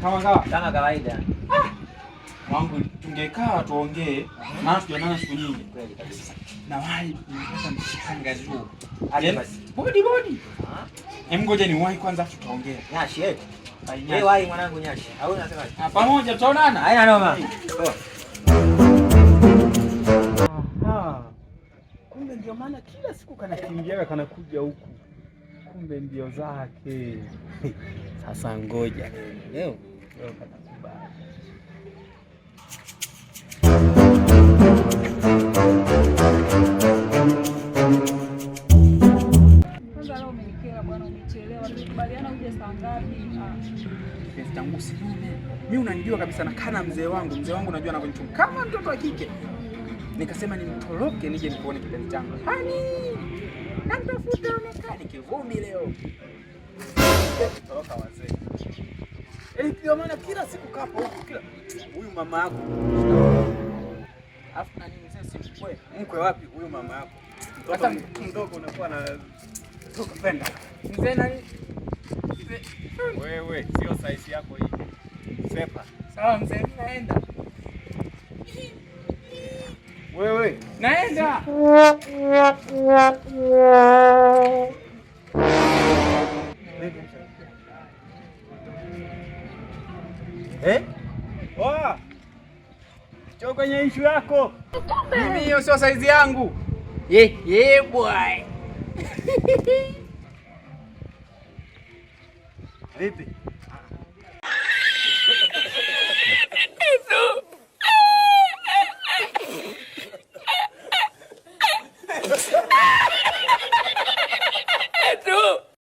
Kama kawaida wangu tungekaa tuongee, maana tujaonana siku nyingi kweli kabisa. Na wai nimepata mshanga juu. Aje basi. Bodi bodi. Hem, ngoja ni wai kwanza tutaongea. Nyashi eh. Hey, wai mwanangu nyashi. Au unasema? Ah, pamoja tutaonana. Haina noma. ndio maana kila siku kanakimbia kanakuja huku kumbe mbio zake. Sasa ngoja leo leo katakubali. changu ah. Mimi unanijua kabisa na kana mzee wangu, mzee wangu unajua anavyochunga kama mtoto wa kike. Nikasema nimtoroke nije nikuone kipenzi changu. Hani ni yaani kivumbi leo. Toroka wazee. Eh, yaani kwa maana kila siku kapo huku kila huyu mama yako. Afu na nini sasa mkwe? Mkwe wapi huyu mama yako? Hata mdogo unakuwa na tukupenda. Mzee nani? Wewe sio size yako hii. Sepa. Sawa mzee, mimi naenda. Wewe naenda. Eh? Oa. Choko kwenye ishu yako. Mimi hiyo sio saizi yangu. Ye, ye boy. Vipi?